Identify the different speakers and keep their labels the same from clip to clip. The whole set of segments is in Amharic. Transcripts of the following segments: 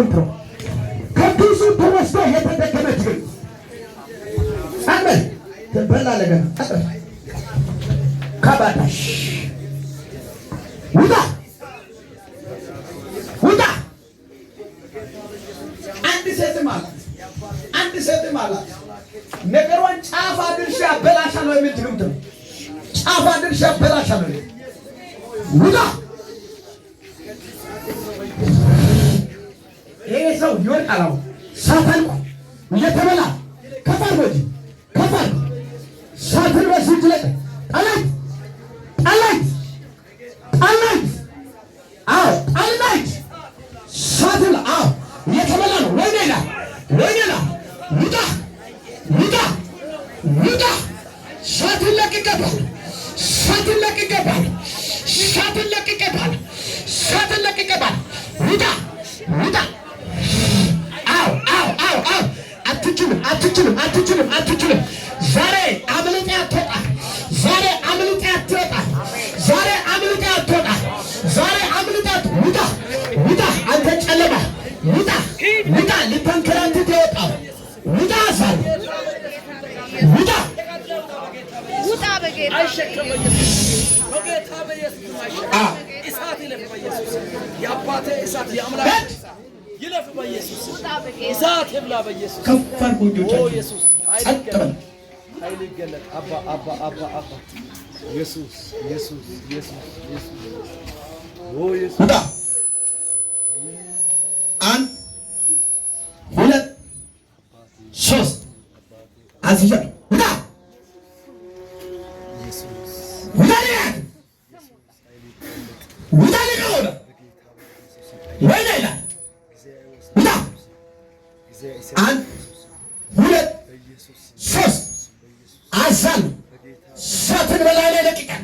Speaker 1: አጥንት ነው። ከኪሱ ተወስዶ የተደከመች ግን አመል ትበላለህ ገና አልማጅ ሳትል አዎ የተበላ ነው። ወይኔ ይላል ወይኔ ይላል ውጣ ውጣ ውጣ ሳትን ለቅቀባል ሳትን ለቅቀባል ሳትን ለቅቀባል ሳትን ለቅቀባል ውጣ ውጣ አዎ አዎ አዎ አዎ አትችልም አትችልም አትችልም አትችልም ዛሬ አንተ ጨለማ ውጣ፣ ውጣ ልታንከራትት የወጣው ውጣ፣ አሳሩ ውጣ፣ ውጣ አንድ ሁለት ሶስት አዝያል ውጣ ውጣ ሆነ ወይ ላይላ ውጣ አንድ ሁለት ሶስት ሰትን በላይ ላይ ለቅቀን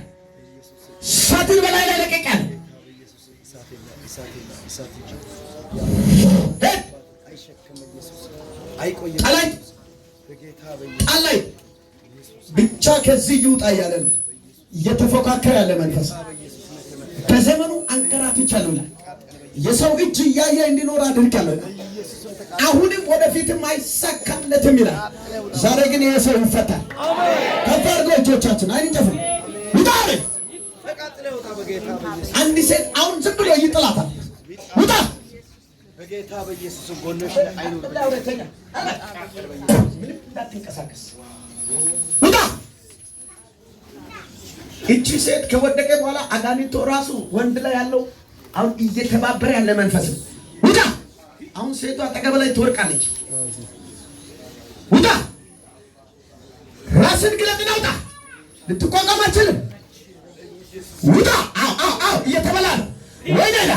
Speaker 1: ሰትን በላይ ላይ ለቅቀን አላይ አላይ ብቻ ከዚህ ይውጣ እያለ ነው እየተፎካከረ ያለ መንፈስ። በዘመኑ አንከራትቻለሁ የሰው እጅ እያየ እንዲኖር አድርጋለሁ። አሁንም ወደፊትም አይሳካለትም ይላል። ዛሬ ግን ይሄ ሰው ይፈታል። ከፍ አድርጎ እጆቻችን አይንጨፉ አንድ ሴት አሁን ዝም ብሎ ይጥላታል። ውጣ
Speaker 2: በጌታ በኢየሱስ ጎንሽ
Speaker 1: ውጣ። እቺ ሴት ከወደቀ በኋላ አጋንንቱ ራሱ ወንድ ላይ ያለው አሁን እየተባበረ ያለ መንፈስ ነው። ውጣ። አሁን ሴቷ አጠገብ ላይ ትወርቃለች። ውጣ። ራስን ግለጥና ውጣ። ልትቋቋም አችልም። ውጣ እየተበላ ነው። ወደላ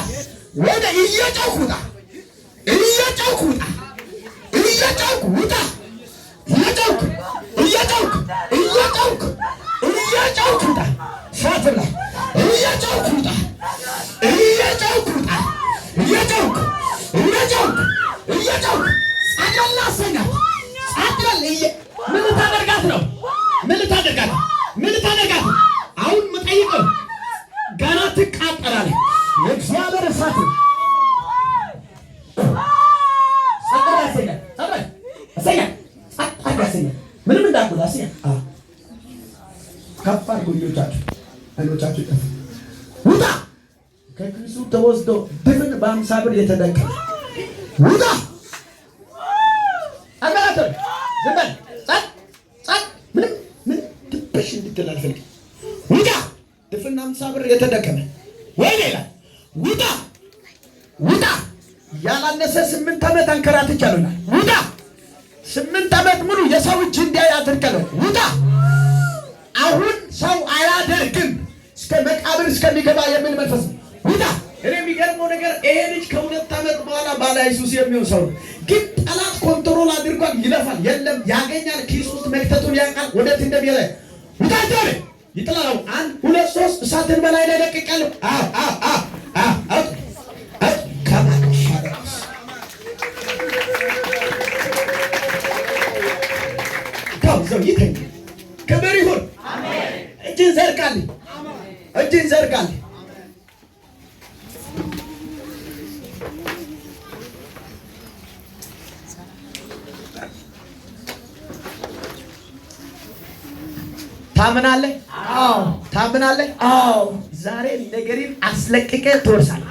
Speaker 1: ወደ እየጨውክ ውጣ፣ እየጨውክ ውጣ፣ እየጨውክ ውጣ፣ እየጨውክ እየጨውክ እየጨውክ እየጨውክ ውጣ፣ ሰዓት ላይ እየጨውክ ውጣ፣ እየጨውክ ውጣ፣ እየጨውክ እየጨውክ እየጨውክ ሳብር እየተደቀ የተደቀመ ውጣ አጋላተ ዘመን ጻት ጻት ምንም ምን ድብሽ እንድትል አልፈልግም። ውጣ ድፍን አምሳ ብር ወይ ሌላ ውጣ ውጣ ያላነሰ ስምንት ዓመት አንከራትቻለሁና ውጣ ስምንት ዓመት ሙሉ የሰው እጅ እንዲያይ አድርገለው ውጣ። አሁን ሰው አያደርግም እስከ መቃብር እስከሚገባ የሚል መንፈስ ነው። እኔ የሚገርመው ነገር ይሄ ልጅ ከሁለት ዓመት በኋላ ባለ አይሱስ የሚሆን ሰው ግን ጠላት ኮንትሮል አድርጓል። ይለፋል፣ የለም ያገኛል። ኪስ ውስጥ መክተቱን ያውቃል። ወደት እንደሚለ ውጣቸ ይጥላል። አንድ ሁለት ሶስት እሳትን በላይ ላይ ለቅቃል ይተኛ ከበሪ ሁን እጅን ዘርጋል፣ እጅን ዘርጋል ታምናለህ? አዎ። ታምናለህ? አዎ። ዛሬ ነገሬን አስለቅቀ ትወርሳለህ።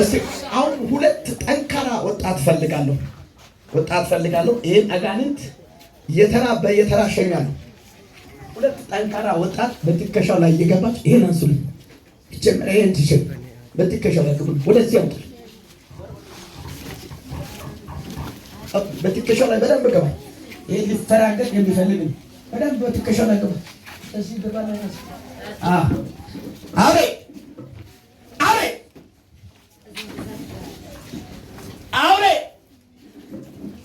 Speaker 1: እስቲ አሁን ሁለት ጠንካራ ወጣት ፈልጋለሁ፣ ወጣት ፈልጋለሁ። ይሄን አጋንንት የተራ በየተራ ሸኛለሁ። ሁለት ጠንካራ ወጣት በትከሻው ላይ እየገባች ይሄን አንሱልኝ፣ ጀምራ ይሄን ትሸኝ፣ በትከሻው ላይ ግቡልኝ፣ ወደዚህ ያምጣል፣ በትከሻው ላይ በደንብ ገባል ይህ ሊፈራገጥ የሚፈልግ በደንብ ትከሻው ላይ ግባ። አቤ አቤ አውሬ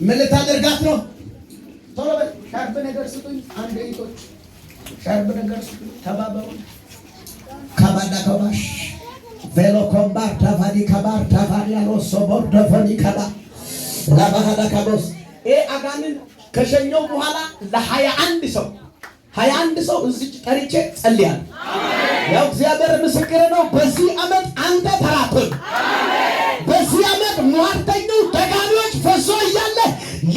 Speaker 1: ምን ልታደርጋት ነው?
Speaker 3: ቶሎ በል። ሻርብ ነገር ስጡኝ። አንድ ይቶች ሻርብ ነገር ስጡኝ። ተባበሩ።
Speaker 1: ከባዳ ከባሽ ቬሎ ኮምባር ዳፋኒ ከባር ዳፋኒ ያሎ ሶቦር ዳፋኒ ከባር ላባሃዳ ካቦስ ይህ አጋንን ከሸኘው በኋላ ለሀያ አንድ ሰው ሀያ አንድ ሰው እዚህ ጠርቼ ጸልያል። ያው እግዚአብሔር ምስክር ነው። በዚህ ዓመት አንተ ተራብም። በዚህ ዓመት ሟርተኛው ደጋሚዎች ፈሶ እያለ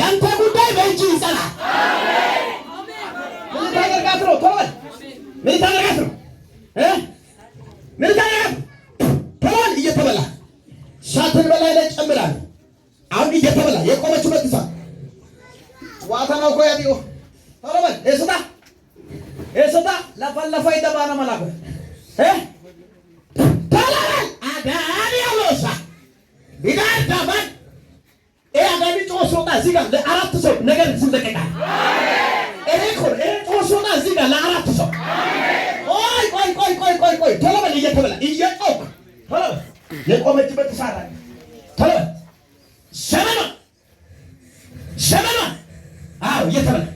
Speaker 1: ያንተ ጉዳይ በእጅ ይጸናል። ምን ታደርጋት ነው? ምን ታደርጋት ዘመኗን አዎ እየተበላ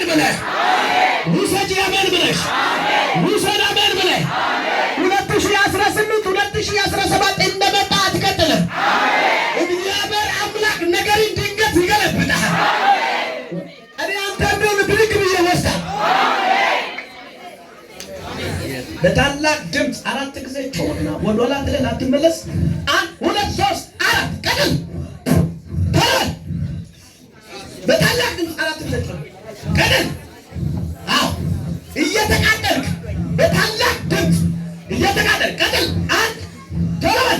Speaker 1: አሜን ብለህ ውሰጂ፣ አሜን ብለሽ ውሰድ፣ አሜን ብለህ ሁለት ሺህ አስራ ስምንት ሁለት ሺህ አስራ ሰባት እንደመጣ አትቀጥልም። እግዚአብሔር አምላክ ነገርን ድንገት ይገለብጣል። እኔ አንተ እንደሆነ ብድግ ብዬ ወስዳል። በታላቅ ድምፅ አራት ጊዜ ጮህና ወደኋላ ትለን አትመለስ። አንድ ሁለት ሶስት አራት ቀጥል በታላቅ ድምፅ አራት ጊዜ ጮህ ገደል አዎ፣ እየተቃጠልክ በታላቅ ድምፅ እየተቃጠልክ ገደል አንድ ተወበል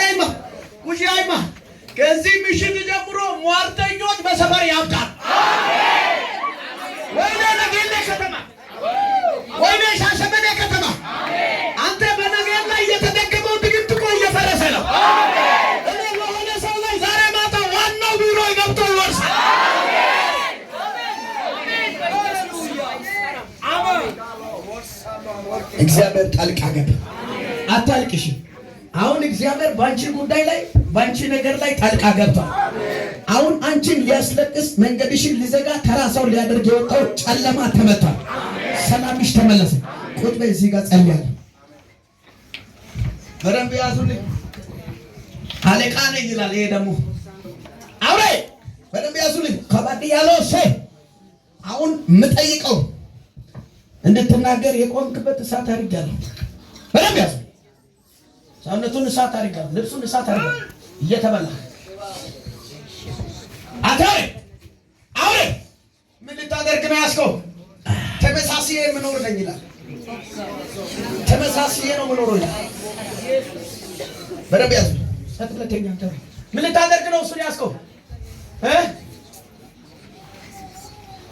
Speaker 1: ጣልቃ ገባ። አታልቅሽ። አሁን እግዚአብሔር በአንቺ ጉዳይ ላይ በአንቺ ነገር ላይ ጣልቃ ገብቷል። አሁን አንቺን ሊያስለቅስ መንገድሽን ሊዘጋ ተራሳው ሊያደርግ የወጣው ጨለማ ተመቷል። ሰላምሽ ተመለሰ። ቁጭ በይ። እዚህ ጋር ጸልያለሁ። በደንብ ያዙልኝ። አለቃ ነኝ ይላል። ይሄ ደግሞ አውሬ። በደንብ ያዙልኝ። ከባድ ያለው ሴ አሁን የምጠይቀው እንድትናገር የቆምክበት እሳት አድርጋለሁ። በደንብ ያዝ። ሰውነቱን እሳት አድርጋለሁ። ልብሱን እሳት አድርጋለሁ። እየተበላ አታሬ አውሬ ምን ልታደርግ ነው ያስከው? ተመሳስዬ የምኖር ነኝ ይላል። ተመሳስዬ ነው ምኖሮ ይላል። በደንብ ያዝ። ምን ልታደርግ ነው እሱን ያስከው?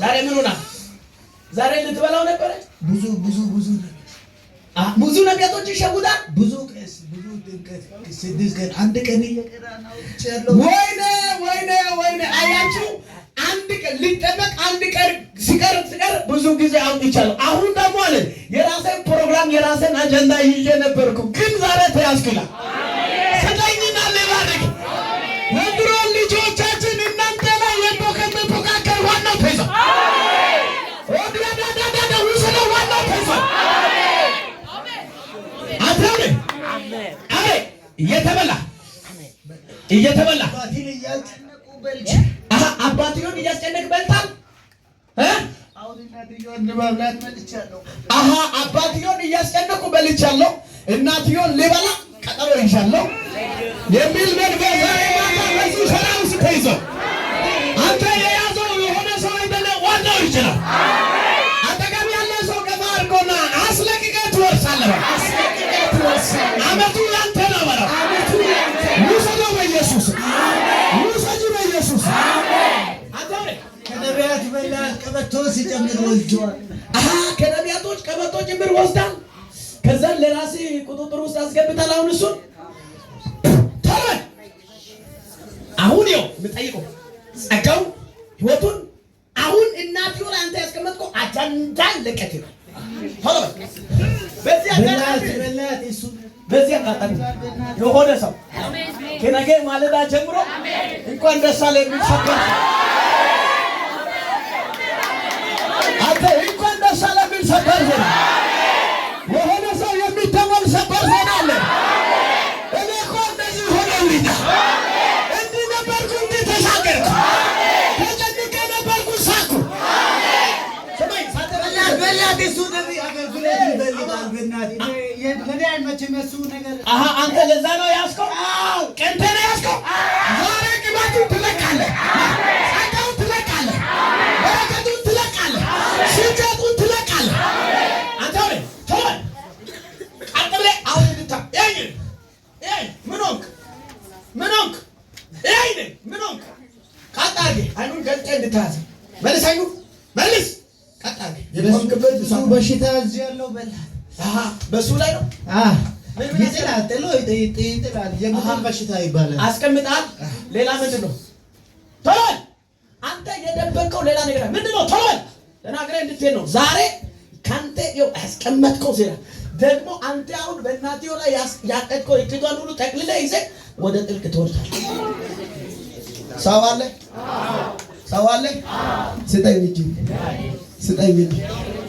Speaker 1: ዛሬ ምን ሆና ዛሬ ልትበላው ነበረ። ብዙ ብዙ ብዙ ብዙ ነቢያቶች ይሸጉታል። ብዙ ቀስ ብዙ ድንቀት ስድስት ቀን አንድ ቀን እየቀራ ነው። ወይኔ ወይኔ ወይኔ አያችሁ፣ አንድ ቀን ሊጠበቅ አንድ ቀን ሲቀር ሲቀር ብዙ ጊዜ አምጥቻለሁ። አሁን ደግሞ አለ የራሴን ፕሮግራም የራሴን አጀንዳ ይዤ ነበርኩ፣ ግን ዛሬ ተያዝኩላ እየተበላ እየተበላ አባትዮን እያስጨነቅ በልታል። አሀ አባትዮን እያስጨነቁ በልቻለሁ፣ እናትዮን ልበላ ቀጠሮ ይሻለሁ የሚል መንፈስ ዛሬ ማታ በዚህ ሸራ ውስጥ ተይዞ አንተ የያዘው የሆነ ሰው አይደለ፣ ዋናው ይችላል። አጠገብ ያለ ሰው ገባ አድርጎና አስለቅቀህ ትወርሳለህ። አመቱ ያንተ
Speaker 4: በለው
Speaker 1: ውሰደው በኢየሱስ ውሰጂ በኢየሱስ
Speaker 2: ከነቢያት በላት ቀበቶ ሲጨምር ወስደዋል።
Speaker 1: ከነቢያቶች ቀበቶ ጭምር ወስዳል። ከዛን ለራሴ ቁጥጥር ውስጥ አስገብታል። አሁን እሱን ተረን አሁን ይኸው የምጠይቀው ጸጋው ህይወቱን አሁን እናትዮ ላይ አንተ ያስቀመጥከው አጃንዳን ለቀት ይላል። በዚህ
Speaker 2: አጋጣሚ
Speaker 1: በዚህ አጋጣሚ የሆነ ሰው ከነገ ማለዳ ጀምሮ እንኳን ደስ አለ የሚል ሰበር አንተ እንኳን ደስ አለ የሚል ሰበር ዜና የሆነ ሰው የሚተመን ሰበር ዜና አለ። እኔ እኮ እንደዚህ ሆነ ልዳ እንዲህ ነበርኩ፣ እንዲህ ተሻገርኩ፣ ተጨንቄ ነበርኩ፣ ሳኩ በላት
Speaker 2: በላት እሱ ነቢ አገልግሎት ይበልጣል ብናት አንተ
Speaker 1: ለዛ ነው ያዝከው፣ ቀንተ ነው ያዝከው። ዛሬ ቅባቱን ትለቃለህ፣ ጸጋውን ትለቃለህ፣ በረከቱን ትለቃለህ፣ ሽንጨቱን ትለቃለህ። አንተ ምን ሆንክ? ምን ሆንክ? ምን ሆንክ? ቀጥ አይኑን ገልጠህ እንድታያዝ መልስ፣ አይኑን መልስ፣ ቀጥ
Speaker 2: የሆንክበት በሽታ እዚህ ያለው በልህ በሱ ላይ ነው ይጥላል። በሽታ ይባላል።
Speaker 1: አስቀምጣል። ሌላ ምንድን ነው? ቶሎ በል አንተ የደበቀው ሌላ ነገር ምንድን ነው? ቶሎ በል ተናግረህ እንድትሄድ ነው ዛሬ ከአንተ ያስቀመጥከው ዜና ደግሞ አንተ አሁን በእናትዮ ላይ ያቀድከው እቅዷን ሁሉ ጠቅልለህ ይዘህ ወደ ጥልቅ ትወርዳለህ። ሰው አለ ሰው አለ ስጠኝ እጅ ስጠኝ።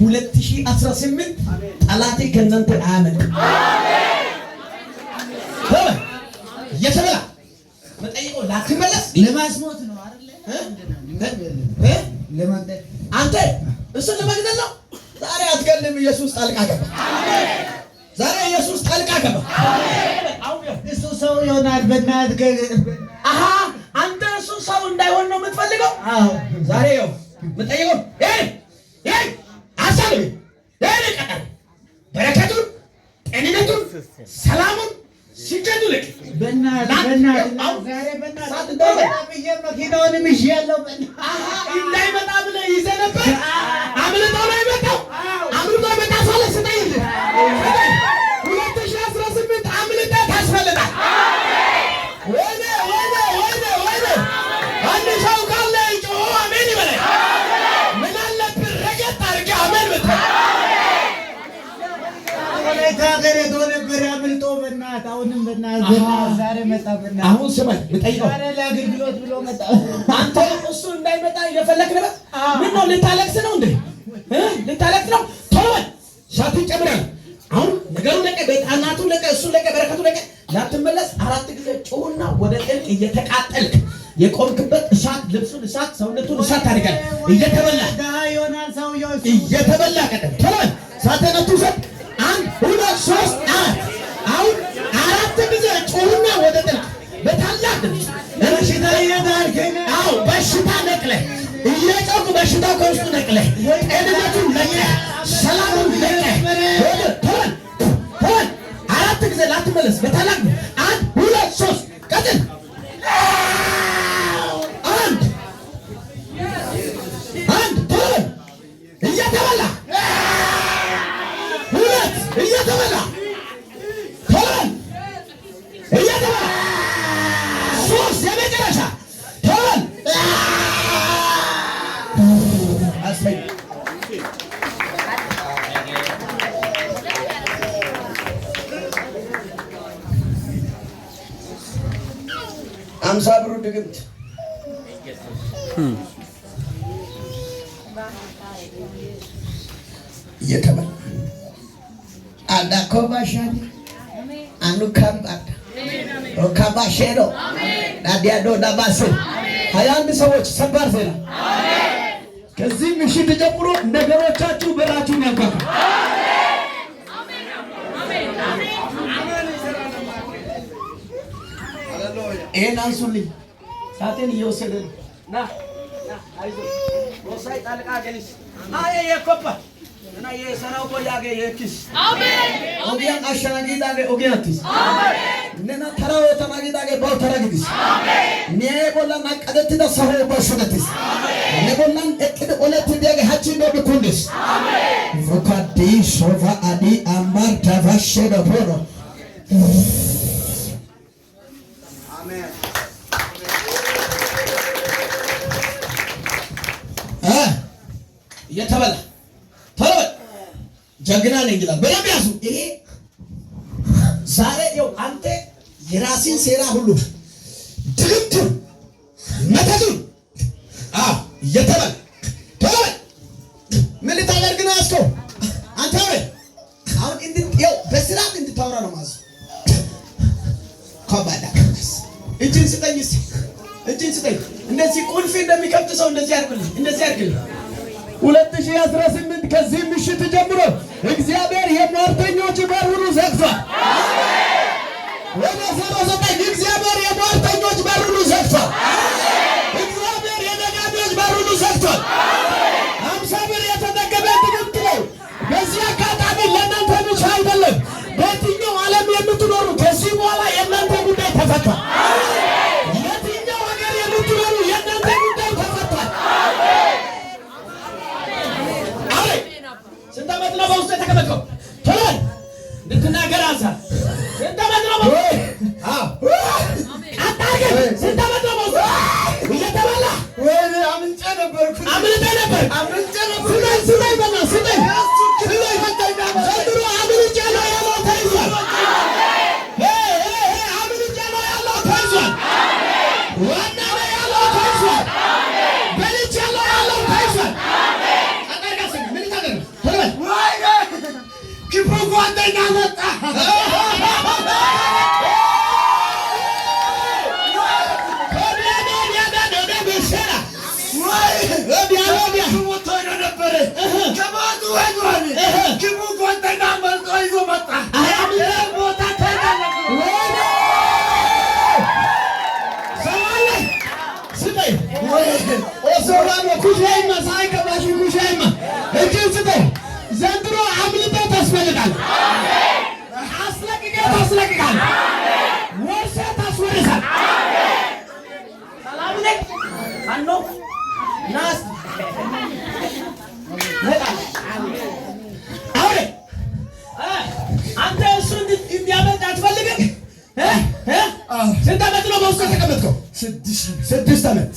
Speaker 1: 2018 ጠላቴ ከእናንተ አያመልጥም። እየተበላ መጠየቀው ላትመለስ ለማስሞት ነው አንተ እሱ ለመግደል ነው። ዛሬ አትገልም። ኢየሱስ ጣልቃ ገባ። ዛሬ ኢየሱስ ጣልቃ ገባ። እሱ ሰው ይሆናል። አሀ አንተ እሱ ሰው እንዳይሆን ነው የምትፈልገው። ዛሬ ው የምጠይቀው አሳልፍ ለቀቀር በረከቱን፣ ጤንነቱን፣ ሰላሙን ሲገዱ ልቅ መኪናውንም ይዤ እንዳይመጣ ብለህ ይዘህ ነበር። አምልጦ ነው የመጣው። አምልጦ የመጣ ሰው ለስጠይል
Speaker 2: መታገር የቶ ነበር ያምልጦ በእናትህ አሁንም በእናትህ ዛሬ መጣ በእናትህ
Speaker 1: አሁን ስማኝ ብጠይቀው ዛሬ
Speaker 2: ለአገልግሎት ብሎ መጣ
Speaker 1: አንተ እሱ እንዳይመጣ እየፈለክ ነበር ምን ነው ልታለቅስ ነው እንዴ ልታለቅስ ነው ቶሎ ሻቱን ጨምራል አሁን ነገሩ ለቀ በጣናቱ ለቀ እሱ ለቀ በረከቱ ለቀ ላትመለስ አራት ጊዜ ጮህና ወደ ጥልቅ እየተቃጠልክ የቆምክበት እሳት ልብሱን እሳት ሰውነቱን እሳት ታደርጋለህ እየተበላ እየተበላ ቀጠል ቶሎ ሳተነቱ ሰጥ አንድ ሁለት ሶስት አራት። አሁን አራት ጊዜ ጮሁና ወደ ጥላ በታላቅ ድምፅ በሽታ ይነዳርከኝ። አዎ በሽታ ነቅለህ እየጮክ በሽታ ከውስጡ ነቅለህ ጤንነቱን ለቀህ ሰላሙን ለቀህ ሆን አራት ጊዜ ላትመለስ በታላቅ የተባለ አዳኮባሻ አኑካምባታ ሮካባሼሮ ዳዲያዶ ዳባሴ ሀያ አንድ ሰዎች ሰባር ዜና ከዚህ ምሽት ጀምሮ ነገሮቻችሁ በላችሁን ያንኳኩ። ይህን አንሱልኝ፣ ሳቴን እየወሰደ ነው። ogiyan ashshanagiidaagee ogiyan attis nena taraw oottanagiidaagee bawu tara gidis ne bollan naqqadettida saho ubbawu sugettis ne bollan eqqidi olettidiyaagee hachchi doobi kundis vukadii sova adii ammar davashsheda bono የተበላ ተበል ጀግና ነኝ ይላል። በደንብ ያዙ። ይሄ ዛሬ ይኸው አንተ የራስን ሴራ ሁሉ ድግግም መተቱን የተበል ተበል ምን ልታደርግ ነው ያስከው አንተ ወይ አሁን እንድ ይኸው በስርዓት እንድታወራ ነው ማዘ ከባዳ እጅን ስጠኝ፣ እጅን ስጠኝ። እንደዚህ ቁልፍ እንደሚከብት ሰው እንደዚህ አድርግልኝ፣ እንደዚህ አድርግልኝ 2018 ከዚህ ምሽት ጀምሮ እግዚአብሔር የሟርተኞች በር ሁሉ ዘግቷል። ወደ 79 እግዚአብሔር የሟርተኞች በር ሁሉ ዘግቷል። እግዚአብሔር የነጋዴዎች በር ሁሉ ዘግቷል። አምሳ ብር የተጠገበ ትምህርት ነው። በዚህ አጋጣሚ ለእናንተ ብቻ አይደለም፣ በየትኛው ዓለም የምትኖሩ ከዚህ በኋላ የእናንተ ጉዳይ ተፈቷል። আমরা ተይዞ መጣ። ቦታ ኩሽማ ሰይ ገባሽ ኩሽማ እጅ ስጠ ዘንድሮ አምልጠት ያስፈልጋል። አስለቅቀት አስለቅቃል ውስጥ የተቀመጥከው ስድስት ዓመት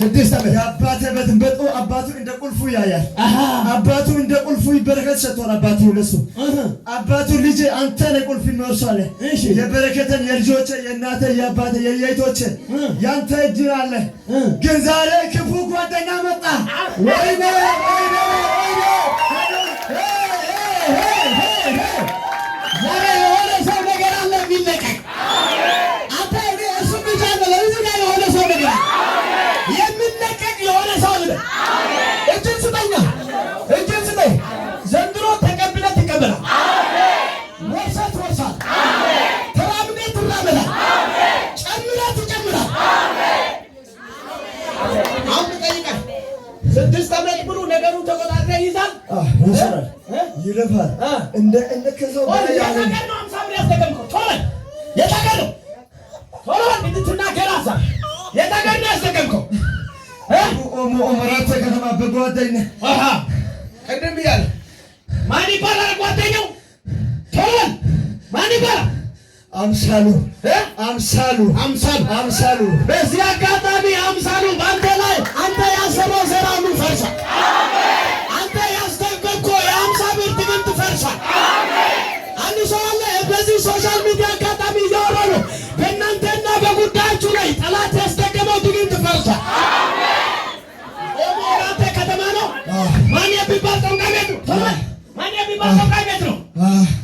Speaker 1: ስድስት ዓመት የአባት በትንበጦ አባቱ እንደ ቁልፉ ያያል። አባቱ እንደ ቁልፉ በረከት ሰጥቷል። አባቱ ለሱ አባቱ ልጅ አንተ ነህ ቁልፍ ይኖርሷል የበረከተን የልጆቼ የእናተ የአባተ የየቶቼ ያንተ እጅ አለ። ግን ዛሬ ክፉ ጓደኛ መጣ ወይ ነገሩ ተቆጣጥረ ይይዛል፣ ይሰራል፣
Speaker 2: ይለፋል። እንደ እንደ ጋር ያለ ነገር ነው። አምሳ
Speaker 1: ብር ቶሎ ቶሎ እንድትናገር
Speaker 2: ኦሞ ከተማ አሃ
Speaker 1: ቅድም ብያለሁ። ማን ይባላል ጓደኛው? ቶሎ ማን ይባላል?
Speaker 2: አምሳሉ አምሳሉ አምሳሉ አምሳሉ
Speaker 1: በዚህ አጋጣሚ አምሳሉ በአንተ ላይ አንተ ያሰበው ዘራ ምን ፈርሷል። አንተ ያስደንገኮ የአምሳ ብር ትግንት ፈርሷል። አንድ ሰው አለ በዚህ ሶሻል ሚዲያ አጋጣሚ እያወራ ነው። በእናንተና በጉዳያችሁ ላይ ጠላት ያስደገመው ትግንት ፈርሷል። ኦሞራተ ከተማ ነው ማን የሚባል ጠንቋይ ቤት ነው ማን የሚባል ጠንቋይ ቤት ነው